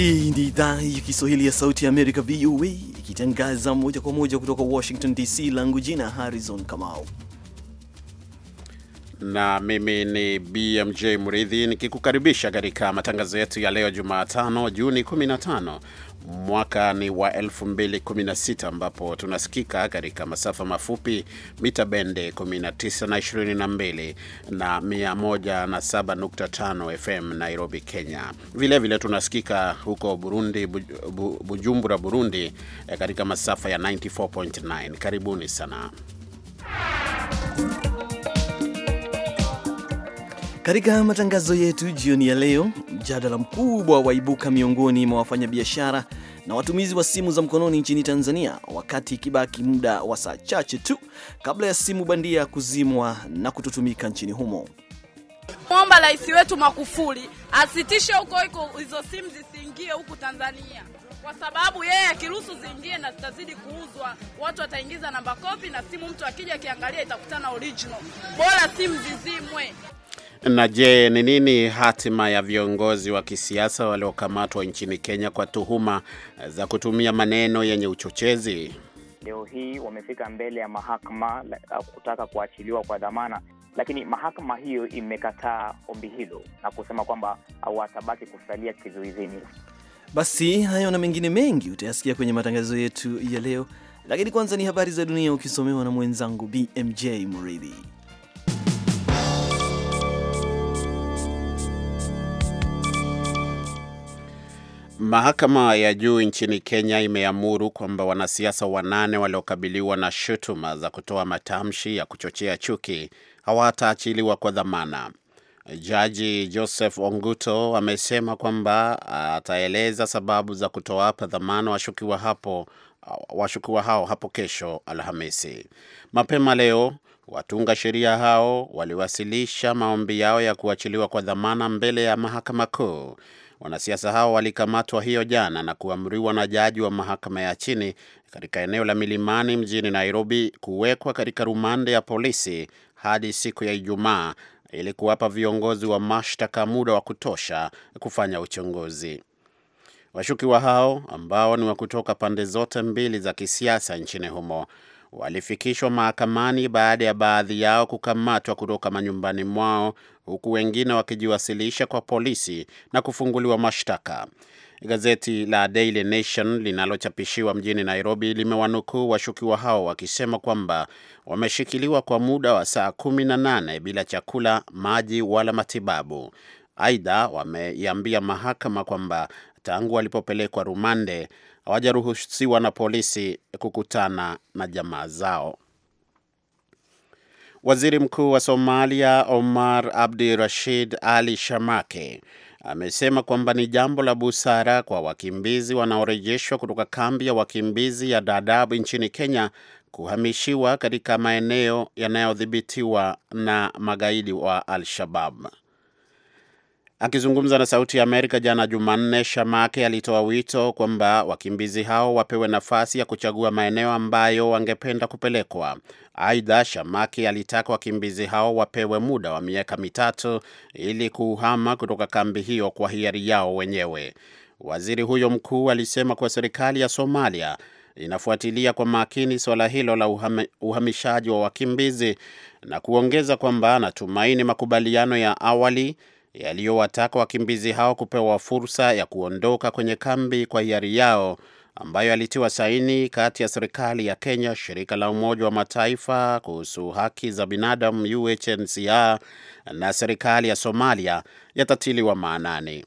Hii ndi idhaa ya Kiswahili ya Sauti ya Amerika, VOA, ikitangaza moja kwa moja kutoka Washington DC. Langu jina Harrison Kamau na mimi ni BMJ Mridhi nikikukaribisha katika matangazo yetu ya leo Jumatano Juni 15 mwaka ni wa 2016 ambapo tunasikika katika masafa mafupi mita bende 19 na 22 na 107.5 FM Nairobi, Kenya. Vilevile vile tunasikika huko Burundi, Bujumbura, Burundi eh, katika masafa ya 94.9. Karibuni sana katika matangazo yetu jioni ya leo, mjadala mkubwa waibuka miongoni mwa wafanyabiashara na watumizi wa simu za mkononi nchini Tanzania, wakati ikibaki muda wa saa chache tu kabla ya simu bandia kuzimwa na kutotumika nchini humo. Mwomba rais wetu Magufuli asitishe huko iko hizo simu zisiingie huku Tanzania, kwa sababu yeye akiruhusu ziingie na zitazidi kuuzwa, watu wataingiza namba kopi na simu, mtu akija akiangalia itakutana original. Bora simu zizimwe. Na je, ni nini hatima ya viongozi wa kisiasa waliokamatwa nchini Kenya kwa tuhuma za kutumia maneno yenye uchochezi? Leo hii wamefika mbele ya mahakama kutaka kuachiliwa kwa dhamana, lakini mahakama hiyo imekataa ombi hilo na kusema kwamba watabaki kusalia kizuizini. Basi hayo na mengine mengi utayasikia kwenye matangazo yetu ya leo, lakini kwanza ni habari za dunia ukisomewa na mwenzangu BMJ Muridhi. Mahakama ya juu nchini Kenya imeamuru kwamba wanasiasa wanane waliokabiliwa na shutuma za kutoa matamshi ya kuchochea chuki hawataachiliwa kwa dhamana. Jaji Joseph Onguto amesema kwamba ataeleza sababu za kutowapa dhamana washukiwa hapo washukiwa hao hapo kesho Alhamisi. Mapema leo watunga sheria hao waliwasilisha maombi yao ya kuachiliwa kwa dhamana mbele ya mahakama kuu. Wanasiasa hao walikamatwa hiyo jana na kuamriwa na jaji wa mahakama ya chini katika eneo la Milimani mjini Nairobi kuwekwa katika rumande ya polisi hadi siku ya Ijumaa ili kuwapa viongozi wa mashtaka muda wa kutosha kufanya uchunguzi. Washukiwa hao ambao ni wa kutoka pande zote mbili za kisiasa nchini humo walifikishwa mahakamani baada ya baadhi yao kukamatwa kutoka manyumbani mwao huku wengine wakijiwasilisha kwa polisi na kufunguliwa mashtaka. Gazeti la Daily Nation linalochapishiwa mjini Nairobi limewanukuu washukiwa hao wakisema kwamba wameshikiliwa kwa muda wa saa kumi na nane bila chakula, maji wala matibabu. Aidha, wameiambia mahakama kwamba tangu walipopelekwa rumande hawajaruhusiwa na polisi kukutana na jamaa zao. Waziri Mkuu wa Somalia Omar Abdi Rashid Ali Shamake amesema kwamba ni jambo la busara kwa wakimbizi wanaorejeshwa kutoka kambi ya wakimbizi ya Dadaab nchini Kenya kuhamishiwa katika maeneo yanayodhibitiwa na magaidi wa Al-Shabab. Akizungumza na Sauti ya Amerika jana Jumanne, Shamake alitoa wito kwamba wakimbizi hao wapewe nafasi ya kuchagua maeneo ambayo wangependa kupelekwa. Aidha, Shamake alitaka wakimbizi hao wapewe muda wa miaka mitatu ili kuhama kutoka kambi hiyo kwa hiari yao wenyewe. Waziri huyo mkuu alisema kuwa serikali ya Somalia inafuatilia kwa makini suala hilo la uhami, uhamishaji wa wakimbizi na kuongeza kwamba anatumaini makubaliano ya awali yaliyowataka wakimbizi hao kupewa fursa ya kuondoka kwenye kambi kwa hiari yao ambayo alitiwa saini kati ya serikali ya Kenya, shirika la Umoja wa Mataifa kuhusu haki za binadamu UNHCR na serikali ya Somalia yatatiliwa maanani.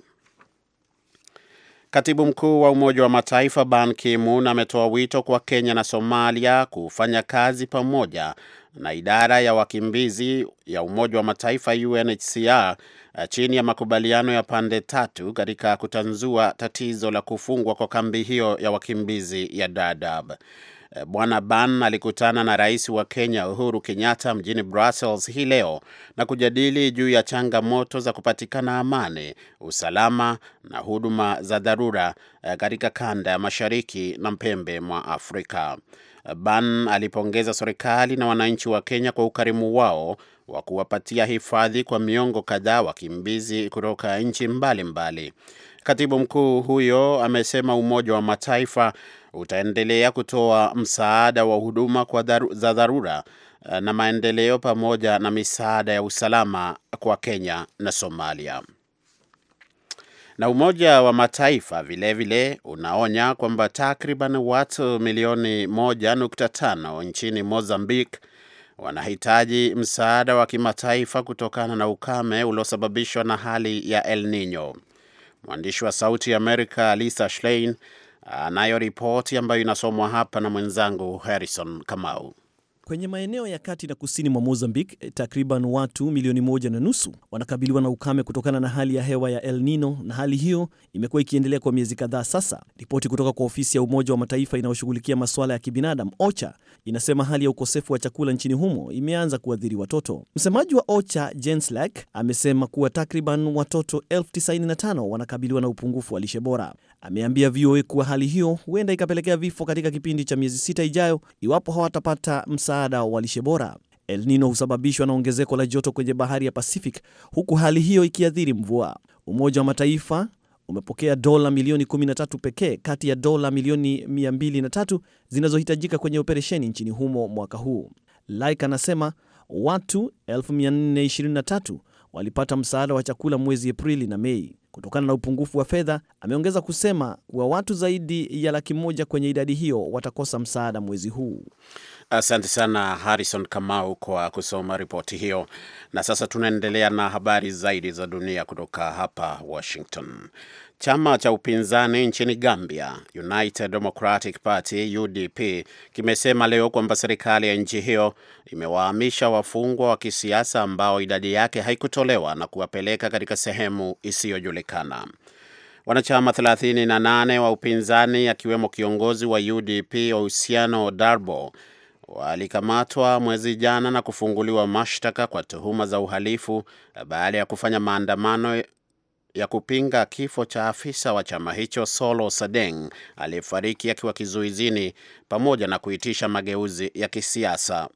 Katibu mkuu wa Umoja wa Mataifa Ban Ki-moon ametoa wito kwa Kenya na Somalia kufanya kazi pamoja na idara ya wakimbizi ya Umoja wa Mataifa UNHCR eh, chini ya makubaliano ya pande tatu katika kutanzua tatizo la kufungwa kwa kambi hiyo ya wakimbizi ya Dadaab. Eh, Bwana Ban alikutana na rais wa Kenya Uhuru Kenyatta mjini Brussels hii leo na kujadili juu ya changamoto za kupatikana amani, usalama na huduma za dharura eh, katika kanda ya mashariki na mpembe mwa Afrika. Eh, Ban alipongeza serikali na wananchi wa Kenya kwa ukarimu wao wa kuwapatia hifadhi kwa miongo kadhaa wakimbizi kutoka nchi mbalimbali. Katibu mkuu huyo amesema Umoja wa Mataifa utaendelea kutoa msaada wa huduma kwa dharu, za dharura eh, na maendeleo pamoja na misaada ya usalama kwa Kenya na Somalia. Na Umoja wa Mataifa vilevile vile unaonya kwamba takriban watu milioni 1.5 nchini Mozambique wanahitaji msaada wa kimataifa kutokana na ukame uliosababishwa na hali ya El Nino. Mwandishi wa Sauti ya Amerika Alisa Schlein anayo ripoti ambayo inasomwa hapa na mwenzangu Harrison Kamau. Kwenye maeneo ya kati na kusini mwa Mozambique, eh, takriban watu milioni moja na nusu wanakabiliwa na ukame kutokana na hali ya hewa ya El Nino, na hali hiyo imekuwa ikiendelea kwa miezi kadhaa sasa. Ripoti kutoka kwa ofisi ya Umoja wa Mataifa inayoshughulikia masuala ya kibinadamu OCHA inasema hali ya ukosefu wa chakula nchini humo imeanza kuathiri watoto. Msemaji wa OCHA Jens amesema kuwa takriban watoto elfu tisini na tano wanakabiliwa na upungufu wa lishe bora. Ameambia VOA kuwa hali hiyo huenda ikapelekea vifo katika kipindi cha miezi sita ijayo iwapo hawatapata msa msaada wa lishe bora. El Nino husababishwa na ongezeko la joto kwenye bahari ya Pacific, huku hali hiyo ikiathiri mvua. Umoja wa Mataifa umepokea dola milioni 13 pekee kati ya dola milioni 203 zinazohitajika kwenye operesheni nchini humo mwaka huu. lik anasema watu 423 walipata msaada wa chakula mwezi Aprili na Mei kutokana na upungufu wa fedha. Ameongeza kusema kuwa watu zaidi ya laki moja kwenye idadi hiyo watakosa msaada mwezi huu. Asante sana Harrison Kamau kwa kusoma ripoti hiyo. Na sasa tunaendelea na habari zaidi za dunia kutoka hapa Washington. Chama cha upinzani nchini Gambia, United Democratic Party UDP, kimesema leo kwamba serikali ya nchi hiyo imewahamisha wafungwa wa kisiasa ambao idadi yake haikutolewa na kuwapeleka katika sehemu isiyojulikana. Wanachama 38 wa upinzani akiwemo kiongozi wa UDP Osiano Darbo walikamatwa mwezi jana na kufunguliwa mashtaka kwa tuhuma za uhalifu baada ya kufanya maandamano ya kupinga kifo cha afisa wa chama hicho Solo Sadeng aliyefariki akiwa kizuizini pamoja na kuitisha mageuzi ya kisiasa.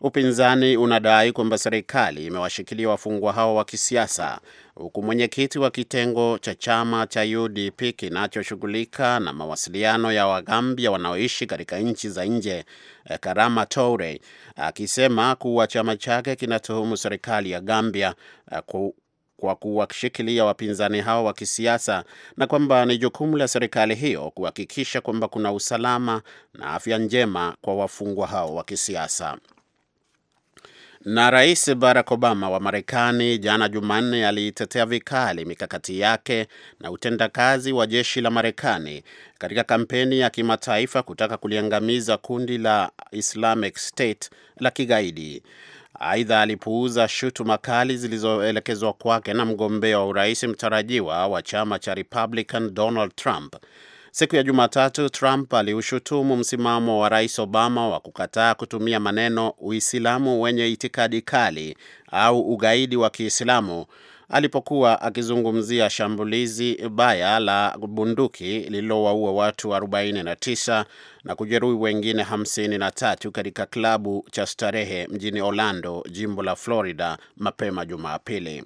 Upinzani unadai kwamba serikali imewashikilia wafungwa hao wa kisiasa, huku mwenyekiti wa kitengo cha chama cha UDP kinachoshughulika na mawasiliano ya Wagambia wanaoishi katika nchi za nje, eh, Karama Toure, akisema kuwa chama chake kinatuhumu serikali ya Gambia eh, kwa kuwashikilia wapinzani hao wa kisiasa na kwamba ni jukumu la serikali hiyo kuhakikisha kwamba kuna usalama na afya njema kwa wafungwa hao wa kisiasa. Na Rais Barack Obama wa Marekani jana Jumanne aliitetea vikali mikakati yake na utendakazi wa jeshi la Marekani katika kampeni ya kimataifa kutaka kuliangamiza kundi la Islamic State la kigaidi. Aidha, alipuuza shutuma kali zilizoelekezwa kwake na mgombea wa urais mtarajiwa wa chama cha Republican Donald Trump. Siku ya Jumatatu, Trump aliushutumu msimamo wa rais Obama wa kukataa kutumia maneno Uislamu wenye itikadi kali au ugaidi wa Kiislamu alipokuwa akizungumzia shambulizi baya la bunduki lililowaua watu 49 na kujeruhi wengine 53 katika klabu cha starehe mjini Orlando, jimbo la Florida mapema Jumapili.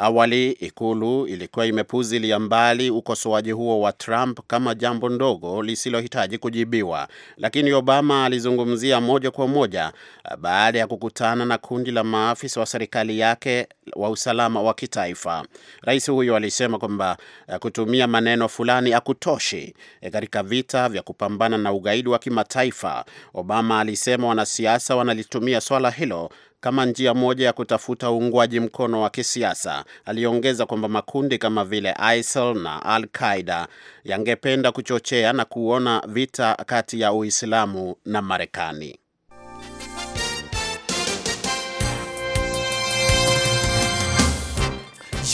Awali ikulu ilikuwa imepuzilia mbali ukosoaji huo wa Trump kama jambo ndogo lisilohitaji kujibiwa, lakini Obama alizungumzia moja kwa moja eh, baada ya kukutana na kundi la maafisa wa serikali yake wa usalama wa kitaifa. Rais huyo alisema kwamba eh, kutumia maneno fulani hakutoshi eh, katika vita vya kupambana na ugaidi wa kimataifa. Obama alisema wanasiasa wanalitumia swala hilo kama njia moja ya kutafuta uungwaji mkono wa kisiasa. Aliongeza kwamba makundi kama vile ISIL na Al Qaida yangependa kuchochea na kuona vita kati ya Uislamu na Marekani.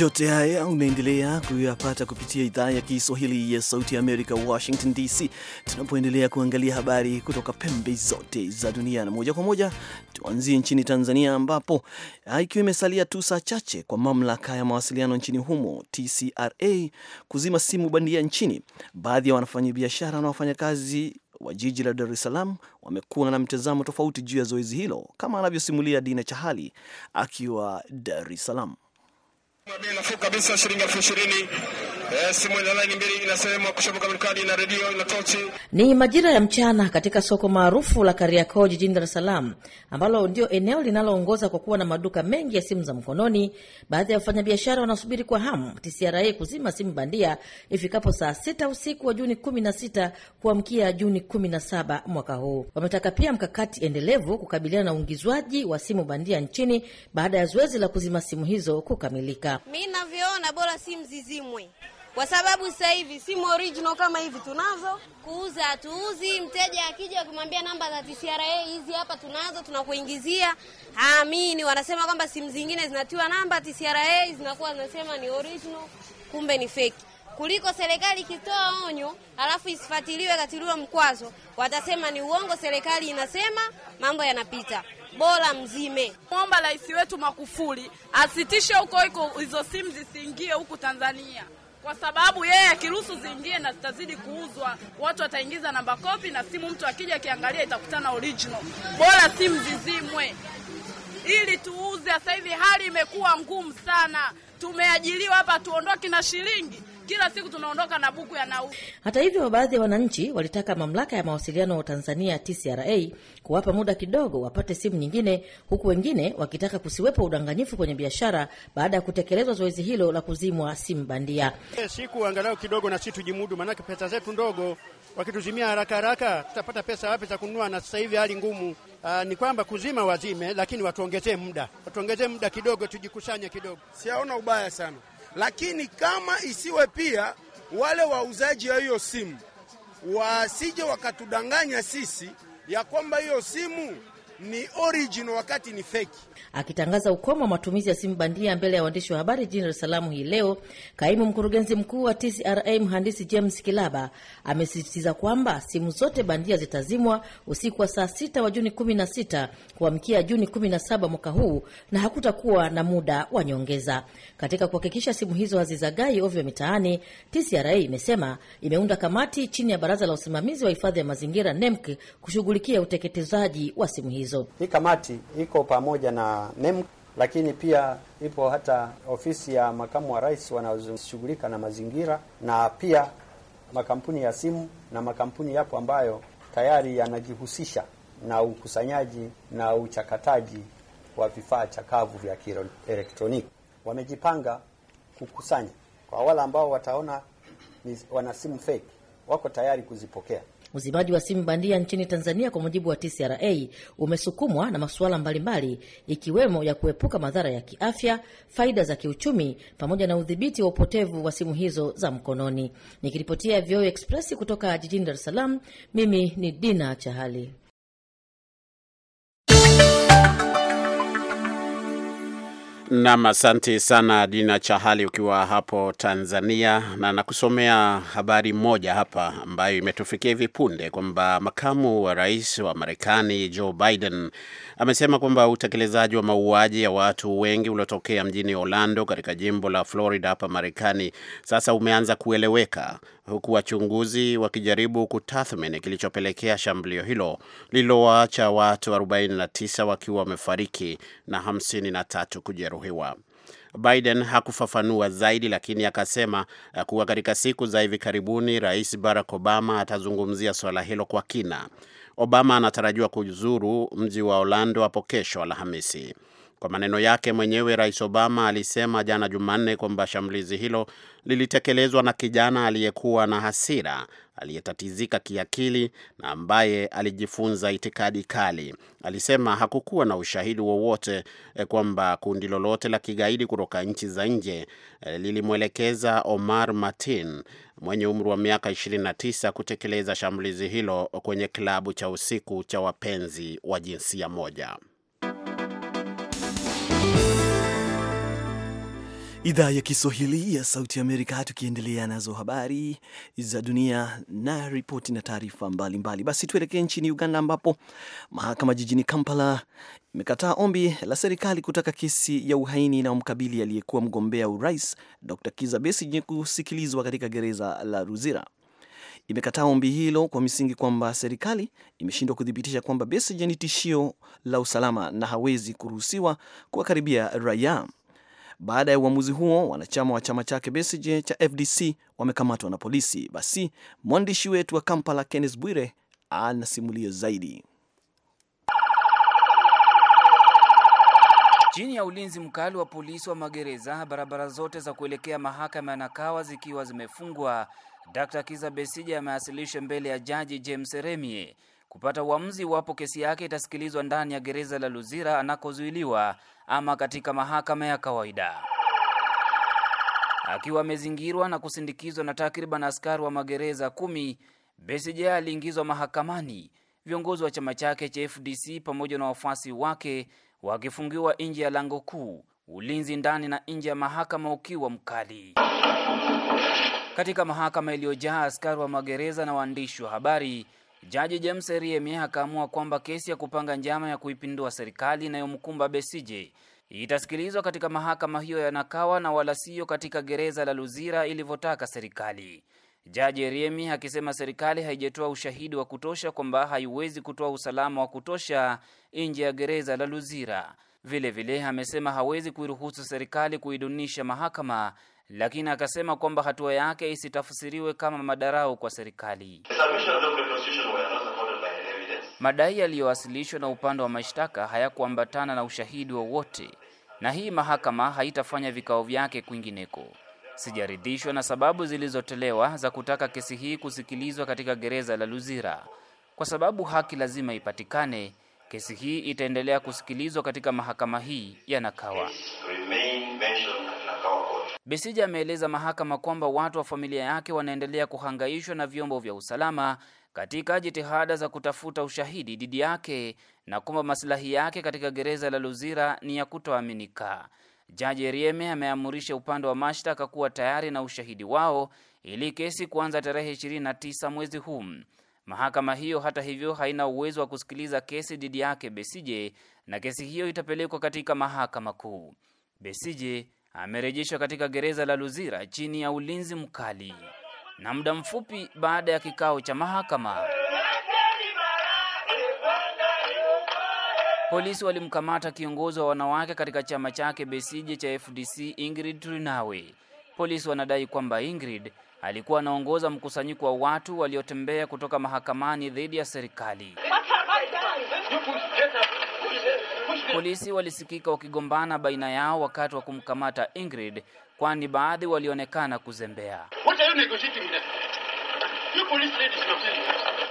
Yote haya unaendelea kuyapata kupitia idhaa ya Kiswahili ya Sauti ya Amerika, Washington DC, tunapoendelea kuangalia habari kutoka pembe zote za dunia. Na moja kwa moja tuanzie nchini Tanzania, ambapo ah, ikiwa imesalia tu saa chache kwa mamlaka ya mawasiliano nchini humo TCRA kuzima simu bandia nchini, baadhi ya wanafanyabiashara na wafanyakazi wa jiji la Dar es Salaam wamekuwa na mtazamo tofauti juu ya zoezi hilo, kama anavyosimulia Dina Chahali akiwa Dar es Salaam. Bei nafuu kabisa, shilingi elfu ishirini. Eh, Ni majira ya mchana katika soko maarufu la Kariakoo jijini Dar es Salaam, ambalo ndio eneo linaloongoza kwa kuwa na maduka mengi ya simu za mkononi. Baadhi ya wafanyabiashara wanasubiri kwa hamu TCRA kuzima simu bandia ifikapo saa sita usiku wa Juni kumi na sita kuamkia Juni kumi na saba mwaka huu. Wametaka pia mkakati endelevu kukabiliana na uingizwaji wa simu bandia nchini baada ya zoezi la kuzima simu hizo kukamilika mi Mimi navyoona bora simu zizimwe, kwa sababu sasa hivi simu original kama hivi tunazo, kuuza hatuuzi. Mteja akija akimwambia namba za TCRA hizi hapa tunazo, tunakuingizia, haamini. Wanasema kwamba simu zingine zinatiwa namba TCRA, zinakuwa zinasema ni original, kumbe ni feki kuliko serikali ikitoa onyo alafu isifuatiliwe katiliwe mkwazo, watasema ni uongo. Serikali inasema mambo yanapita bora mzime. Muomba rais wetu Magufuli asitishe huko iko hizo simu zisiingie huku Tanzania, kwa sababu yeye akiruhusu ziingie na zitazidi kuuzwa, watu wataingiza namba kopi na simu, mtu akija akiangalia itakutana original. Bora simu zizimwe ili tuuze. Sasa hivi hali imekuwa ngumu sana, tumeajiliwa hapa, tuondoki na shilingi kila siku tunaondoka na buku ya nauli. Hata hivyo, baadhi ya wananchi walitaka mamlaka ya mawasiliano Tanzania TCRA kuwapa muda kidogo wapate simu nyingine, huku wengine wakitaka kusiwepo udanganyifu kwenye biashara baada ya kutekelezwa zoezi hilo la kuzimwa simu bandia. Eh, siku angalau kidogo na sisi tujimudu, maanake pesa zetu ndogo, wakituzimia haraka haraka tutapata pesa wapi za kununua? Na sasa hivi hali ngumu. Uh, ni kwamba kuzima wazime, lakini watuongezee muda, watuongezee muda kidogo, tujikusanye kidogo. Siaona ubaya sana lakini kama isiwe pia wale wauzaji wa hiyo simu wasije wakatudanganya sisi ya kwamba hiyo simu ni original wakati ni feki. Akitangaza ukomo wa matumizi ya simu bandia mbele ya waandishi wa habari jijini Dar es Salaam hii leo, kaimu mkurugenzi mkuu wa TCRA mhandisi James Kilaba amesisitiza kwamba simu zote bandia zitazimwa usiku wa saa sita wa Juni 16 kuamkia Juni 17 mwaka huu na hakutakuwa na muda wa nyongeza. Katika kuhakikisha simu hizo hazizagai ovyo mitaani, TCRA imesema imeunda kamati chini ya Baraza la Usimamizi wa Hifadhi ya Mazingira NEMC kushughulikia uteketezaji wa simu hizo. Hii kamati iko pamoja na na NEMC, lakini pia ipo hata ofisi ya makamu wa rais wanaoshughulika na mazingira, na pia makampuni ya simu na makampuni yapo ambayo tayari yanajihusisha na ukusanyaji na uchakataji wa vifaa chakavu vya kielektroniki. Wamejipanga kukusanya kwa wale ambao wataona wana simu fake, wako tayari kuzipokea uzimaji wa simu bandia nchini Tanzania kwa mujibu wa TCRA umesukumwa na masuala mbalimbali ikiwemo ya kuepuka madhara ya kiafya, faida za kiuchumi, pamoja na udhibiti wa upotevu wa simu hizo za mkononi. Nikiripotia VOA Express kutoka jijini Dar es Salaam, mimi ni Dina Chahali. Nam, asante sana Dina Chahali ukiwa hapo Tanzania, na nakusomea habari moja hapa ambayo imetufikia hivi punde kwamba makamu wa rais wa Marekani Joe Biden amesema kwamba utekelezaji wa mauaji ya watu wengi uliotokea mjini Orlando katika jimbo la Florida hapa Marekani sasa umeanza kueleweka huku wachunguzi wakijaribu kutathmini kilichopelekea shambulio hilo lililowaacha watu 49 wakiwa wamefariki na 53 kujeruhiwa. Biden hakufafanua zaidi, lakini akasema kuwa katika siku za hivi karibuni Rais Barack Obama atazungumzia suala hilo kwa kina. Obama anatarajiwa kuzuru mji wa Orlando hapo kesho Alhamisi. Kwa maneno yake mwenyewe, Rais Obama alisema jana Jumanne kwamba shambulizi hilo lilitekelezwa na kijana aliyekuwa na hasira, aliyetatizika kiakili na ambaye alijifunza itikadi kali. Alisema hakukuwa na ushahidi wowote e, kwamba kundi lolote la kigaidi kutoka nchi za nje e, lilimwelekeza Omar Martin mwenye umri wa miaka 29 kutekeleza shambulizi hilo kwenye klabu cha usiku cha wapenzi wa jinsia moja. Idhaa ya Kiswahili ya Sauti Amerika, tukiendelea nazo habari za dunia na ripoti na taarifa mbalimbali. Basi tuelekee nchini Uganda, ambapo mahakama jijini Kampala imekataa ombi la serikali kutaka kesi ya uhaini inayomkabili aliyekuwa mgombea urais Dr Kiza Besigye kusikilizwa katika gereza la Ruzira imekataa ombi hilo kwa misingi kwamba serikali imeshindwa kuthibitisha kwamba Besigye ni tishio la usalama na hawezi kuruhusiwa kuwakaribia raia. Baada ya uamuzi huo, wanachama wa chama chake Besigye cha FDC wamekamatwa na polisi. Basi mwandishi wetu wa Kampala Kenneth Bwire simulio zaidi. Chini ya ulinzi mkali wa polisi wa magereza, barabara zote za kuelekea mahakama ya Nakawa zikiwa zimefungwa Dr. Kiza Besije amewasilisha mbele ya Jaji James Remie kupata uamuzi iwapo kesi yake itasikilizwa ndani ya gereza la Luzira anakozuiliwa ama katika mahakama ya kawaida. Akiwa amezingirwa na kusindikizwa na takriban askari wa magereza kumi, Besije aliingizwa mahakamani, viongozi wa chama chake cha FDC pamoja na wafuasi wake wakifungiwa nje ya lango kuu, ulinzi ndani na nje ya mahakama ukiwa mkali. Katika mahakama iliyojaa askari wa magereza na waandishi wa habari, Jaji James Eriemie akaamua kwamba kesi ya kupanga njama ya kuipindua serikali inayomkumba Besije itasikilizwa katika mahakama hiyo ya Nakawa na wala siyo katika gereza la Luzira ilivyotaka serikali. Jaji Eriemi akisema serikali haijatoa ushahidi wa kutosha kwamba haiwezi kutoa usalama wa kutosha nje ya gereza la Luzira. Vilevile vile, amesema hawezi kuiruhusu serikali kuidunisha mahakama lakini akasema kwamba hatua yake isitafsiriwe kama madarau kwa serikali. Madai yaliyowasilishwa na upande wa mashtaka hayakuambatana na ushahidi wowote, na hii mahakama haitafanya vikao vyake kwingineko. Sijaridhishwa na sababu zilizotolewa za kutaka kesi hii kusikilizwa katika gereza la Luzira. Kwa sababu haki lazima ipatikane, kesi hii itaendelea kusikilizwa katika mahakama hii ya Nakawa. Besija ameeleza mahakama kwamba watu wa familia yake wanaendelea kuhangaishwa na vyombo vya usalama katika jitihada za kutafuta ushahidi dhidi yake na kwamba maslahi yake katika gereza la Luzira ni ya kutoaminika. Jaji Rieme ameamurisha upande wa mashtaka kuwa tayari na ushahidi wao ili kesi kuanza tarehe 29 mwezi huu. Mahakama hiyo hata hivyo haina uwezo wa kusikiliza kesi dhidi yake Besije, na kesi hiyo itapelekwa katika mahakama kuu. Besije amerejeshwa katika gereza la Luzira chini ya ulinzi mkali, na muda mfupi baada ya kikao cha mahakama polisi walimkamata kiongozi wa wanawake katika chama chake Besije cha FDC Ingrid Turinawe. Polisi wanadai kwamba Ingrid alikuwa anaongoza mkusanyiko wa watu waliotembea kutoka mahakamani dhidi ya serikali. Polisi walisikika wakigombana baina yao wakati wa kumkamata Ingrid, kwani baadhi walionekana kuzembea.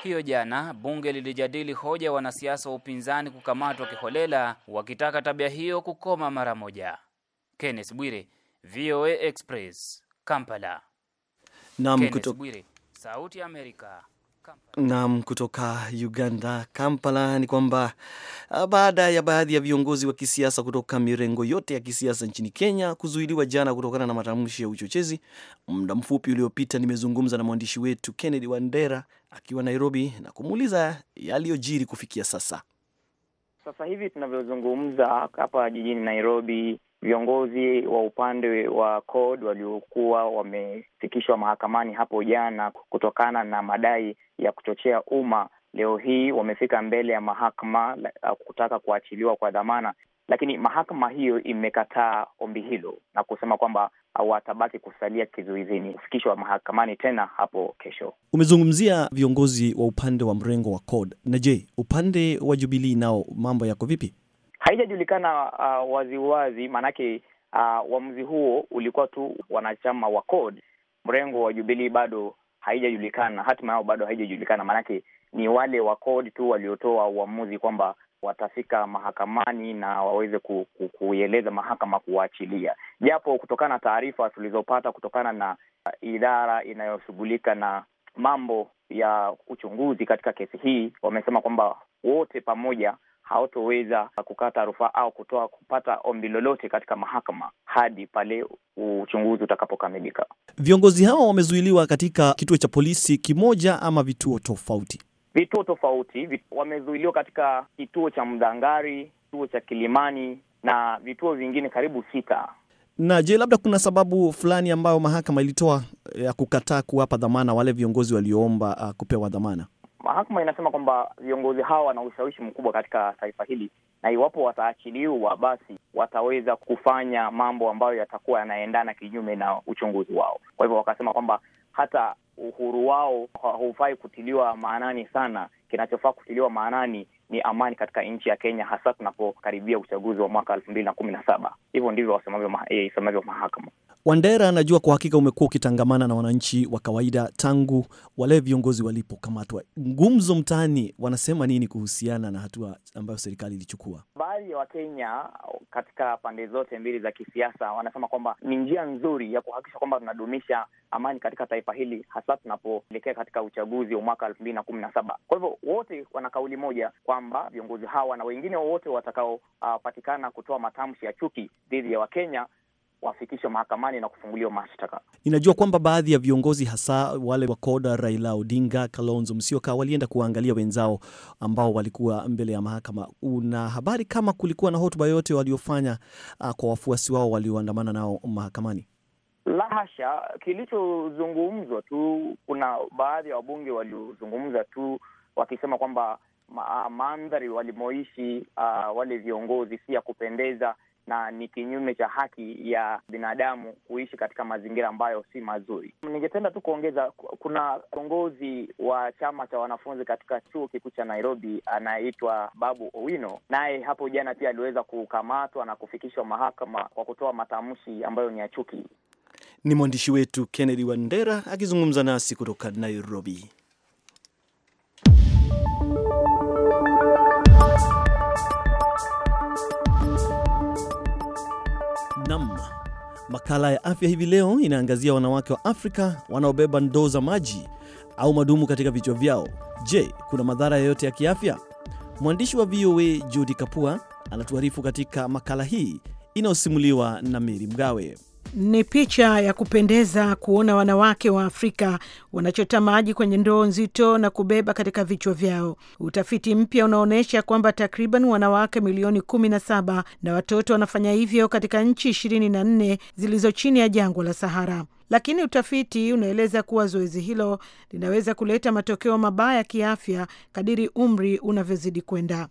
Hiyo jana bunge lilijadili hoja ya wanasiasa wa upinzani kukamatwa kiholela, wakitaka tabia hiyo kukoma mara moja. Kenneth Bwire, VOA Express, Kampala. Naam, kutoka Sauti ya Amerika. Naam, kutoka Uganda, Kampala, ni kwamba ah, baada ya baadhi ya viongozi wa kisiasa kutoka mirengo yote ya kisiasa nchini Kenya kuzuiliwa jana kutokana na matamshi ya uchochezi, muda mfupi uliopita nimezungumza na mwandishi wetu Kennedy Wandera akiwa Nairobi na kumuuliza yaliyojiri kufikia sasa. Sasa hivi tunavyozungumza hapa jijini Nairobi, viongozi wa upande wa CORD waliokuwa wamefikishwa mahakamani hapo jana kutokana na madai ya kuchochea umma, leo hii wamefika mbele ya mahakama kutaka kuachiliwa kwa dhamana, lakini mahakama hiyo imekataa ombi hilo na kusema kwamba watabaki kusalia kizuizini kufikishwa mahakamani tena hapo kesho. Umezungumzia viongozi wa upande wa mrengo wa CORD, na je, upande wa Jubilii nao mambo yako vipi? haijajulikana uh, waziwazi maanake uh, uamuzi huo ulikuwa tu wanachama wa CORD. Mrengo wa Jubilii bado haijajulikana, hatima yao bado haijajulikana, maanake ni wale wa CORD tu waliotoa uamuzi kwamba watafika mahakamani na waweze ku, ku, kuieleza mahakama kuwaachilia, japo kutokana na taarifa tulizopata kutokana na uh, idara inayoshughulika na mambo ya uchunguzi katika kesi hii wamesema kwamba wote pamoja hawatoweza kukata rufaa au kutoa kupata ombi lolote katika mahakama hadi pale uchunguzi utakapokamilika. Viongozi hao wamezuiliwa katika kituo cha polisi kimoja ama vituo tofauti, vituo tofauti vitu, wamezuiliwa katika kituo cha Mdhangari, kituo cha Kilimani na vituo vingine karibu sita. Na je, labda kuna sababu fulani ambayo mahakama ilitoa eh, ya kukataa kuwapa dhamana wale viongozi walioomba uh, kupewa dhamana? Mahakama inasema kwamba viongozi hawa wana ushawishi mkubwa katika taifa hili, na iwapo wataachiliwa, basi wataweza kufanya mambo ambayo yatakuwa yanaendana kinyume na uchunguzi wao. Kwa hivyo wakasema kwamba hata uhuru wao haufai kutiliwa maanani sana. Kinachofaa kutiliwa maanani ni amani katika nchi ya Kenya, hasa tunapokaribia uchaguzi wa mwaka elfu mbili na kumi na saba. Hivyo ndivyo wasemavyo ma, e, mahakama. Wandera, anajua kwa hakika umekuwa ukitangamana na wananchi wa kawaida tangu wale viongozi walipokamatwa. Ngumzo mtaani wanasema nini kuhusiana na hatua ambayo serikali ilichukua? Baadhi ya Wakenya katika pande zote mbili za kisiasa wanasema kwamba ni njia nzuri ya kuhakikisha kwamba tunadumisha amani katika taifa hili, hasa tunapoelekea katika uchaguzi wa mwaka elfu mbili na kumi na saba. Kwa hivyo wote wana kauli moja kwamba viongozi hawa na wengine wowote watakaopatikana uh, kutoa matamshi ya chuki dhidi ya Wakenya wafikishwe mahakamani na kufunguliwa mashtaka. Ninajua kwamba baadhi ya viongozi hasa wale wa Koda, Raila Odinga, Kalonzo Musyoka walienda kuwaangalia wenzao ambao walikuwa mbele ya mahakama. Una habari kama kulikuwa na hotuba yote waliofanya uh, kwa wafuasi wao walioandamana nao mahakamani? La hasha, kilichozungumzwa tu, kuna baadhi ya wabunge waliozungumza tu wakisema kwamba ma mandhari walimoishi uh, wale viongozi si ya kupendeza na ni kinyume cha haki ya binadamu kuishi katika mazingira ambayo si mazuri. Ningependa tu kuongeza, kuna kiongozi wa chama cha wanafunzi katika chuo kikuu cha Nairobi anayeitwa Babu Owino, naye hapo jana pia aliweza kukamatwa na kufikishwa mahakama kwa kutoa matamshi ambayo ni ya chuki. Ni mwandishi wetu Kennedy Wandera akizungumza nasi kutoka Nairobi. Nam, makala ya afya hivi leo inaangazia wanawake wa Afrika wanaobeba ndoo za maji au madumu katika vichwa vyao. Je, kuna madhara yoyote ya kiafya? Mwandishi wa VOA Judi Kapua anatuarifu katika makala hii inayosimuliwa na Meri Mgawe. Ni picha ya kupendeza kuona wanawake wa Afrika wanachota maji kwenye ndoo nzito na kubeba katika vichwa vyao. Utafiti mpya unaonyesha kwamba takriban wanawake milioni kumi na saba na watoto wanafanya hivyo katika nchi ishirini na nne zilizo chini ya jangwa la Sahara. Lakini utafiti unaeleza kuwa zoezi hilo linaweza kuleta matokeo mabaya ya kiafya kadiri umri unavyozidi kwenda.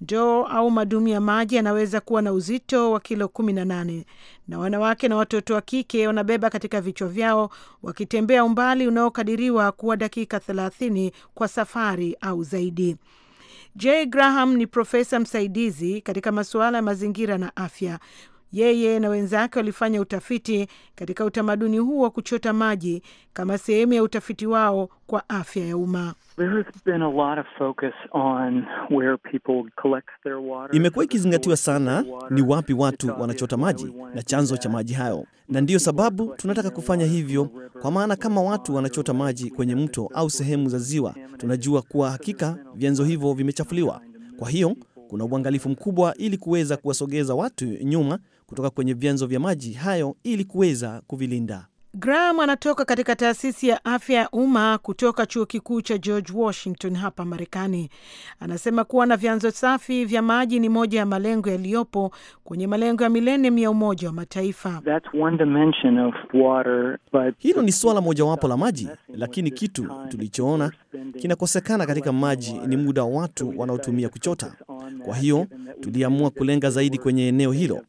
Ndoo au madumu ya maji yanaweza kuwa na uzito wa kilo kumi na nane na wanawake na watoto wa kike wanabeba katika vichwa vyao wakitembea umbali unaokadiriwa kuwa dakika thelathini kwa safari au zaidi. J Graham ni profesa msaidizi katika masuala ya mazingira na afya yeye na wenzake walifanya utafiti katika utamaduni huu wa kuchota maji kama sehemu ya utafiti wao kwa afya ya umma. Imekuwa ikizingatiwa sana ni wapi watu wanachota maji na chanzo cha maji hayo, na ndiyo sababu tunataka kufanya hivyo, kwa maana kama watu wanachota maji kwenye mto au sehemu za ziwa, tunajua kuwa hakika vyanzo hivyo vimechafuliwa. Kwa hiyo kuna uangalifu mkubwa ili kuweza kuwasogeza watu nyuma kutoka kwenye vyanzo vya maji hayo ili kuweza kuvilinda. Graham anatoka katika taasisi ya afya ya umma kutoka chuo kikuu cha George Washington hapa Marekani. Anasema kuwa na vyanzo safi vya maji ni moja ya malengo yaliyopo kwenye malengo ya milenium ya Umoja wa Mataifa. But... hilo ni suala mojawapo la maji, lakini kitu tulichoona kinakosekana katika maji ni muda wa watu wanaotumia kuchota. Kwa hiyo tuliamua kulenga zaidi kwenye eneo hilo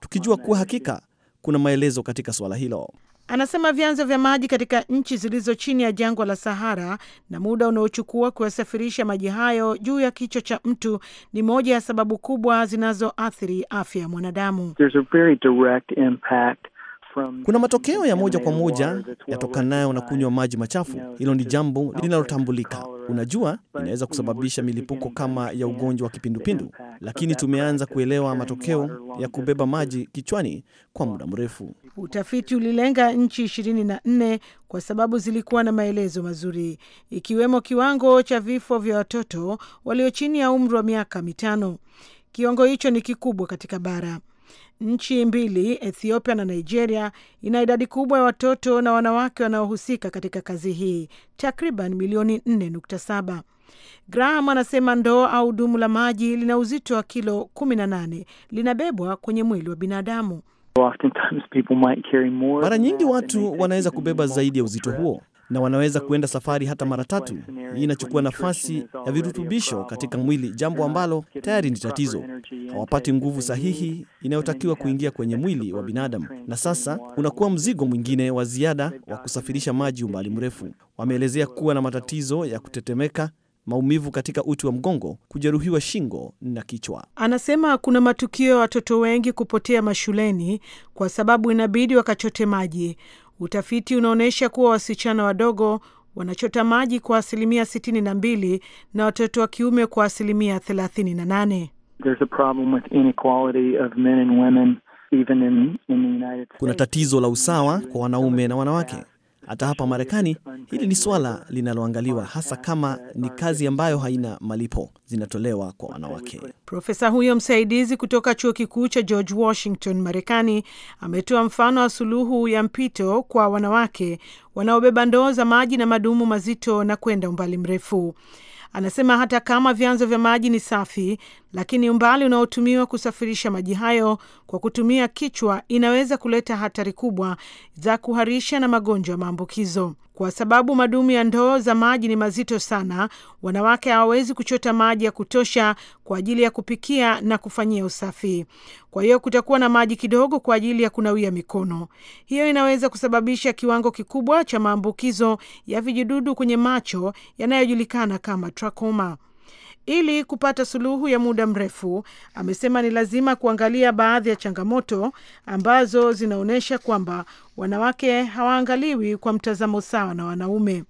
tukijua kuwa hakika kuna maelezo katika suala hilo. Anasema vyanzo vya maji katika nchi zilizo chini ya jangwa la Sahara na muda unaochukua kuyasafirisha maji hayo juu ya kichwa cha mtu ni moja ya sababu kubwa zinazoathiri afya ya mwanadamu. There's a very direct impact kuna matokeo ya moja kwa moja yatokanayo na kunywa maji machafu. Hilo ni jambo linalotambulika. Unajua, inaweza kusababisha milipuko kama ya ugonjwa wa kipindupindu, lakini tumeanza kuelewa matokeo ya kubeba maji kichwani kwa muda mrefu. Utafiti ulilenga nchi ishirini na nne kwa sababu zilikuwa na maelezo mazuri, ikiwemo kiwango cha vifo vya watoto walio chini ya umri wa miaka mitano. Kiwango hicho ni kikubwa katika bara. Nchi mbili, Ethiopia na Nigeria, ina idadi kubwa ya watoto na wanawake wanaohusika katika kazi hii, takriban milioni 4.7. Graham anasema ndoo au dumu la maji lina uzito wa kilo 18 linabebwa kwenye mwili wa binadamu. Mara nyingi watu wanaweza kubeba zaidi ya uzito huo na wanaweza kuenda safari hata mara tatu. Hii inachukua nafasi ya virutubisho katika mwili, jambo ambalo tayari ni tatizo. Hawapati nguvu sahihi inayotakiwa kuingia kwenye mwili wa binadamu, na sasa unakuwa mzigo mwingine wa ziada wa kusafirisha maji umbali mrefu. Wameelezea kuwa na matatizo ya kutetemeka maumivu katika uti wa mgongo, kujeruhiwa shingo na kichwa. Anasema kuna matukio ya watoto wengi kupotea mashuleni kwa sababu inabidi wakachote maji, Utafiti unaonyesha kuwa wasichana wadogo wanachota maji kwa asilimia sitini na mbili na watoto wa kiume kwa asilimia thelathini na nane. Kuna tatizo la usawa kwa wanaume na wanawake hata hapa Marekani hili ni swala linaloangaliwa hasa kama ni kazi ambayo haina malipo zinatolewa kwa wanawake. Profesa huyo msaidizi kutoka chuo kikuu cha George Washington Marekani ametoa mfano wa suluhu ya mpito kwa wanawake wanaobeba ndoo za maji na madumu mazito na kwenda umbali mrefu. Anasema hata kama vyanzo vya maji ni safi lakini umbali unaotumiwa kusafirisha maji hayo kwa kutumia kichwa inaweza kuleta hatari kubwa za kuharisha na magonjwa ya maambukizo. Kwa sababu madumu ya ndoo za maji ni mazito sana, wanawake hawawezi kuchota maji ya kutosha kwa ajili ya kupikia na kufanyia usafi. Kwa hiyo kutakuwa na maji kidogo kwa ajili ya kunawia mikono. Hiyo inaweza kusababisha kiwango kikubwa cha maambukizo ya vijidudu kwenye macho yanayojulikana kama trakoma. Ili kupata suluhu ya muda mrefu, amesema ni lazima kuangalia baadhi ya changamoto ambazo zinaonyesha kwamba wanawake hawaangaliwi kwa mtazamo sawa na wanaume.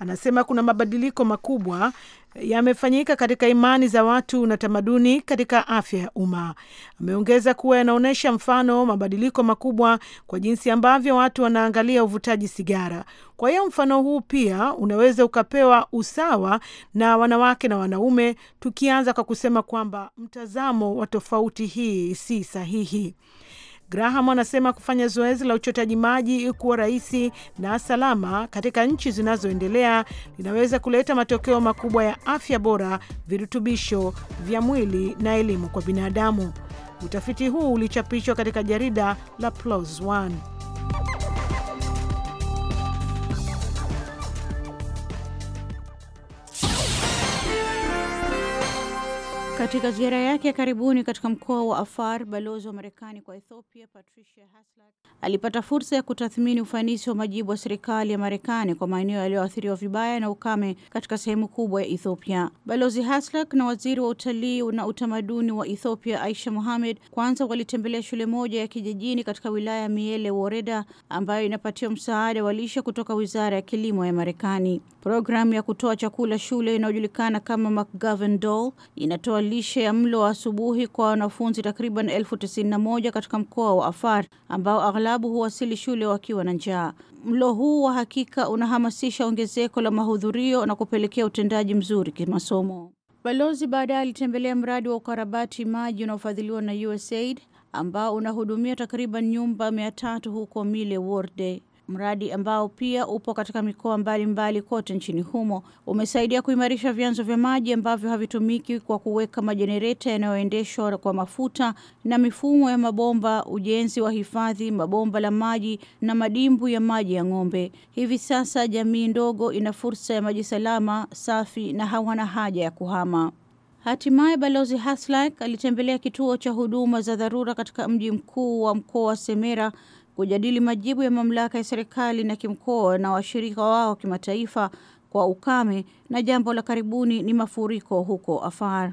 Anasema kuna mabadiliko makubwa yamefanyika katika imani za watu na tamaduni katika afya ya umma. Ameongeza kuwa yanaonyesha mfano mabadiliko makubwa kwa jinsi ambavyo watu wanaangalia uvutaji sigara. Kwa hiyo mfano huu pia unaweza ukapewa usawa na wanawake na wanaume, tukianza kwa kusema kwamba mtazamo wa tofauti hii si sahihi. Graham anasema kufanya zoezi la uchotaji maji kuwa rahisi na salama katika nchi zinazoendelea linaweza kuleta matokeo makubwa ya afya bora, virutubisho vya mwili na elimu kwa binadamu. Utafiti huu ulichapishwa katika jarida la PLOS One. Katika ziara yake ya karibuni katika mkoa wa Afar, balozi wa Marekani kwa Ethiopia Patricia Haslak alipata fursa ya kutathmini ufanisi wa majibu ya serikali ya Marekani kwa maeneo yaliyoathiriwa vibaya na ukame katika sehemu kubwa ya Ethiopia. Balozi Haslak na waziri wa utalii na utamaduni wa Ethiopia Aisha Mohamed kwanza walitembelea shule moja ya kijijini katika wilaya ya Miele Woreda ambayo inapatiwa msaada wa lishe kutoka wizara ya kilimo ya Marekani. Programu ya kutoa chakula shule inayojulikana kama McGovern Dole inatoa lishe ya mlo wa asubuhi kwa wanafunzi takriban elfu tisini na moja katika mkoa wa Afar ambao aghlabu huwasili shule wakiwa na njaa. Mlo huu wa hakika unahamasisha ongezeko la mahudhurio na kupelekea utendaji mzuri kimasomo. Balozi baadaye alitembelea mradi wa ukarabati maji unaofadhiliwa na USAID ambao unahudumia takriban nyumba mia tatu huko Mile Worde. Mradi ambao pia upo katika mikoa mbalimbali mbali kote nchini humo umesaidia kuimarisha vyanzo vya maji ambavyo havitumiki kwa kuweka majenereta yanayoendeshwa kwa mafuta na mifumo ya mabomba, ujenzi wa hifadhi, mabomba la maji na madimbu ya maji ya ng'ombe. Hivi sasa jamii ndogo ina fursa ya maji salama, safi na hawana haja ya kuhama. Hatimaye Balozi Haslak alitembelea kituo cha huduma za dharura katika mji mkuu wa mkoa wa Semera kujadili majibu ya mamlaka ya serikali na kimkoa na washirika wao kimataifa kwa ukame na jambo la karibuni ni mafuriko huko Afar.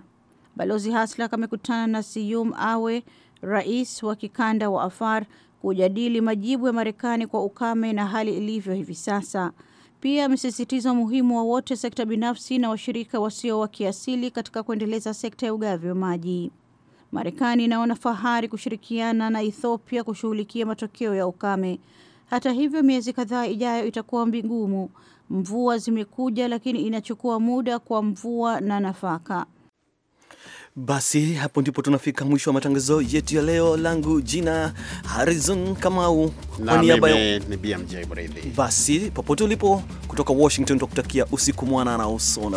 Balozi Haslak amekutana na Siyum Awe, rais wa kikanda wa Afar, kujadili majibu ya Marekani kwa ukame na hali ilivyo hivi sasa. Pia amesisitiza umuhimu wa wote sekta binafsi na washirika wasio wa kiasili katika kuendeleza sekta ya ugavi wa maji. Marekani inaona fahari kushirikiana na Ethiopia kushughulikia matokeo ya ukame. Hata hivyo, miezi kadhaa ijayo itakuwa mbigumu Mvua zimekuja, lakini inachukua muda kwa mvua na nafaka. Basi hapo ndipo tunafika mwisho wa matangazo yetu ya leo. Langu jina Harrison Kamau, kwa niaba ya BMJ Mridhi. Basi popote ulipo kutoka Washington, tukutakia usiku mwana na uso